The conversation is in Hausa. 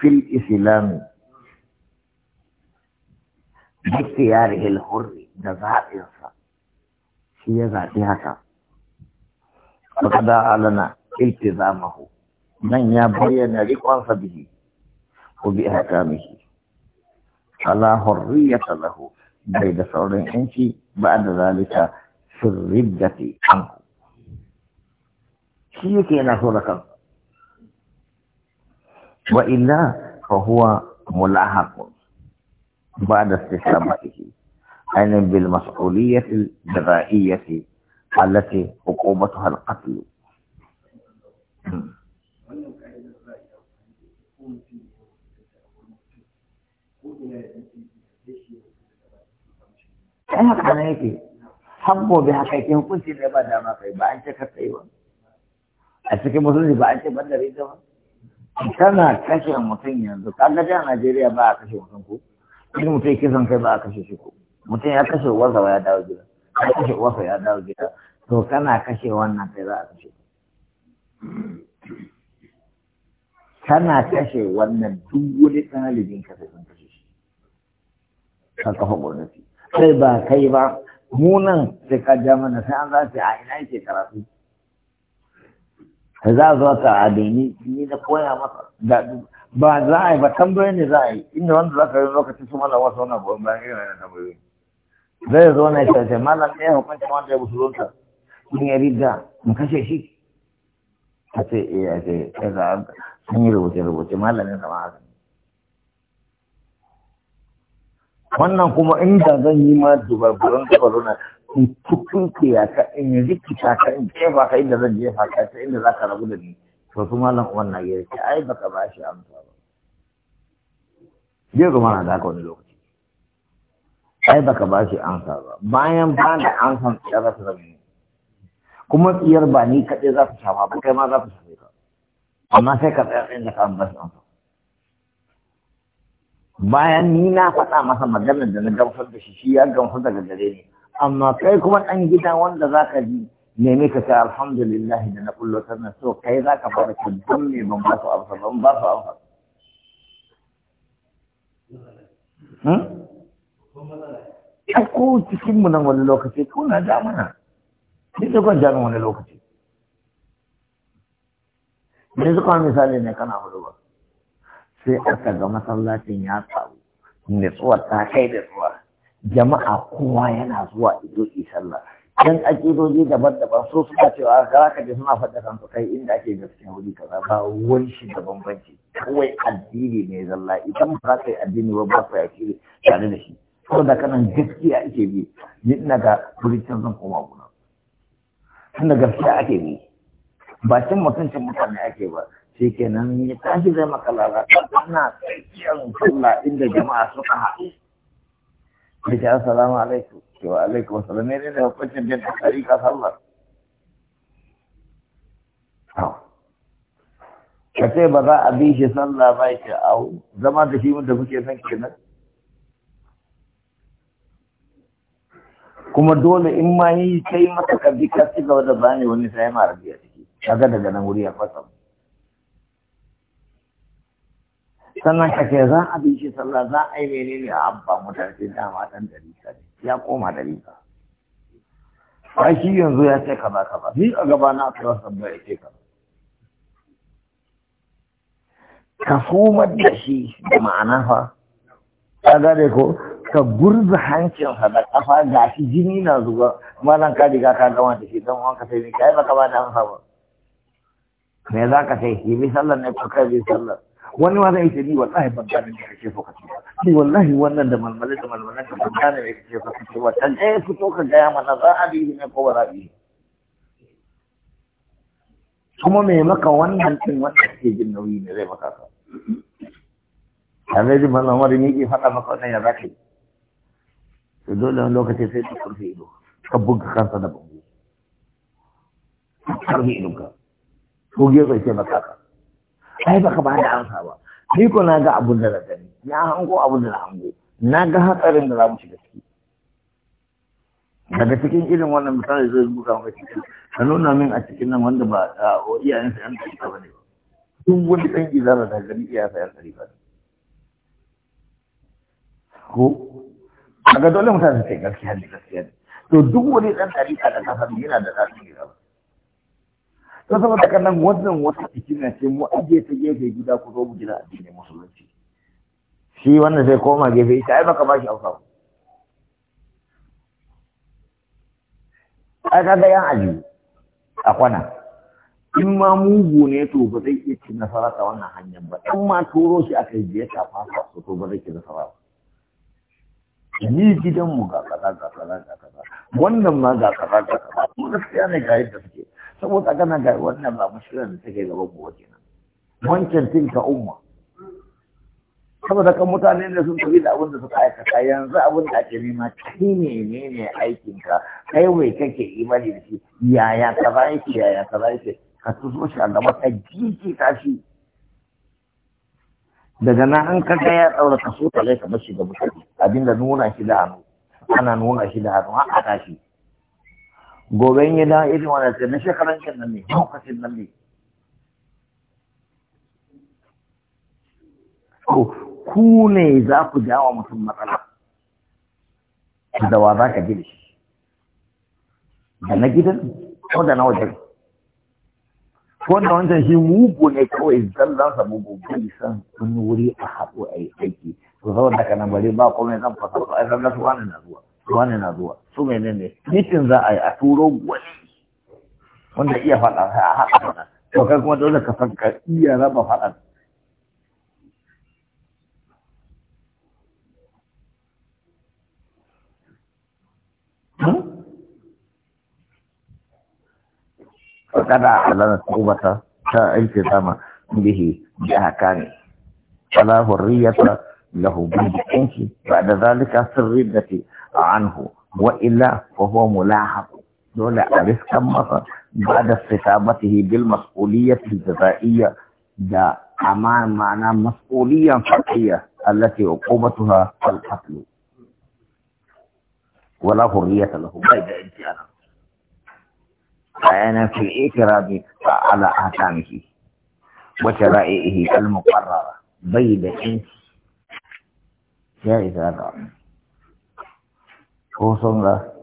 في الإسلام باختياره الحر جزاء ذات في ذاتها وقد أعلن التزامه من يبين رقاص به وبأحكامه فلا حرية له بيد صور الإنس بعد ذلك في الردة عنه شيء كينا صورة وإلا فهو ملاحق بعد استسلامته أين بالمسؤولية الجرائية التي عقوبتها القتل ايه حقنايك حبوا بحقيقتهم كل شيء لما دام في بعد انت كتبت ايوه انت كم مسلم بعد انت بدل ريدوا kana kashe mutum yanzu kaga a Najeriya ba a kashe mutum ko idan mutum ya kisan kai ba a kashe shi ko mutum ya kashe uwarsa ya dawo gida ya kashe uwarsa ya dawo gida to kana kashe wannan kai za a kashe kana kashe wannan duk wani ɗalibin ka sai sun kashe shi ka kafa gwamnati Kai ba kai ba Munan, sai ka ja mana sai an za a ina yake karatu za a zo ka a ni ni na koya masa da ba za a yi ba tambayoyin ne za a yi inda wanda za ka yi lokaci su malam wasu wannan goyon bayan irin wannan tambayoyin zai zo na ce malam ɗaya hukuncin wanda ya zonta in ya riga in kashe shi eh, a ce ce a ce a sun yi rubuce-rubuce ne kama haka wannan kuma inda zan yi ma dubarburan tabaruna in tukunke ya ka in rikita ka in jefa ka inda zan jefa ka ta inda za ka rabu da ni to su malam uwan na gari ce ai baka ba shi amsa ba zai zama na da wani lokaci ai baka ba shi amsa ba bayan ba da amsa ya za ta zama ni kuma tsiyar ba ni kaɗai za ta shafa ba kai ma za ta shafe ka amma sai ka tsaya tsayin da ka ba shi amsa bayan ni na faɗa masa maganar da na gamsar da shi shi ya gamsar daga gare ni amma kai kuma ɗan gida wanda za ka ji nemi ka ce alhamdulillah da na kullum sannan so kai za ka fara ka don me ban ba su amsa ban ba su amsa hmm? a ko cikin mu nan wani lokaci ko na da mana Ni da kwan jami'in wani lokaci ne zuwa misali ne kana hudu ba sai aka ga masallacin ya ne nutsuwar ta kai da tsuwar jama'a kowa yana zuwa ido sallah dan akidoji daban-daban so suka cewa ah, kara ka je suna faɗa kansu kai inda ake gaskiya wuri kaza ba wani shi da bambanci kawai addini ne zalla idan ba ka yi addini ba ba ka yi tare da shi ko da kanan gaskiya ake bi ni ina ga buricin zan koma guna tunda gaskiya ake bi ba cin mutuncin mutane ake ba sai kenan ya tashi zai makalala ana tsakiyar sallah inda jama'a suka haɗu ya alaikum, assalamu alaikum ce wa alaikum assalam ne da hukuncin bin tsari ka sallar ka ce ba za a bi shi sallah ba ce au zama kuma dole in ma yi kai masa ka ka ci gaba da bani wani sai ma rabiya ciki kaga daga nan wuri ya fasa sannan ka ce za a bi shi sallah za a yi menene a abba mutane dama dan ya koma dalika ba shi yanzu ya ce kaza kaza ni a gaba na aka rasa ba ya ce kaza ka fomar da shi da ma'ana fa ka gane ko ka gurbi hancinsa da kafa ga shi jini na zuba malam ka riga ka gama da shi don wanka sai ne kai baka ba da hansa me za ka sai yi bi sallar ne ko kai bi sallar wani ma zai ce ni wallahi ban gane da kake so ka ce ba ni wallahi wannan da malmale da malmale ka ban gane da kake so ka ce ba kan eh fito ka gaya mana za a bi ne ko ba za a bi kuma me maka wannan din wanda ke jin nauyi ne zai maka ka kamar jin mallan wani ne ke faɗa maka wannan ya za ka yi to dole wani lokaci sai ka kurfe ido ka buga kansa da bango karfe ka ko gefe ce maka ka kai baka ba da amsa ba ni ko na ga abun da na gani na hango abun da na hango na ga hatsarin da za mu shiga ciki daga cikin irin wannan misali zai buga maka ciki ka nuna min a cikin nan wanda ba a iyayen sa yan tarika ba ne ba duk wani ɗan izara da ni iyayen sa yan tarika ne ko a dole mutane su ce gaskiya ne gaskiya ne to duk wani ɗan tarika da kasar yana da tasiri ba ta sama da kanan wannan wata na ce mu aje ta gefe gida ku zo mu gina addinin musulunci shi wannan sai koma gefe ita ai baka bashi hausa ai kaga yan aji a kwana in ma mugu ne to ba zai iya ci nasara ta wannan hanyar ba in ma turo shi aka yi ya shafa su to ba zai ci nasara ba ni gidanmu ga kaza ga kaza ga kaza wannan ma ga kaza ga kaza mu gaskiya ne ga yadda suke saboda kana ga wannan ba musulun da take gaban mu nan, wancan tinka umma saboda kan mutane ne sun tafi da abin da suka aikata yanzu abin da ake nema kai ne ne ne aikinka kai wai kake imani da shi yaya ka za yake yaya ka za yake ka tuso shi a gaba ka jiki ta shi daga nan an ga ya tsaura kaso ta lai ka bashi ga mutane abinda nuna shi da hannu ana nuna shi da hannu a kashi gobe yi na irin wannan sai na shekaran kan nan ne lokacin nan ne ku ne za ku jawa mutum matsala da wa za ka ji shi da na gidan ko da na wajen wanda wancan shi mugu ne kawai za sa mugu bai san wani wuri a haɗu a yi aiki to zaune daga nan bari ba komai zan fasa ko ai zan ga su wani na zuwa ruwan na zuwa su mene ne mitin za a yi a turo wani wanda iya faɗa a haɗa faɗa to kai kuma dole ka san ka iya raba faɗa hmm? kada a lana tubata ta aiki sama bihi jihaka ne. Wala hurriyata له انت بعد ذلك في الردة عنه وإلا فهو ملاحظ دولة أعرف كم مصر بعد استتابته بالمسؤولية الجزائية ده أمان معنى مسؤولية فقهية التي عقوبتها القتل ولا حرية له بيد انتهاء فأنا في الإكرام على أحكامه وشرائعه المقررة بيد انتهاء 里二个出生了。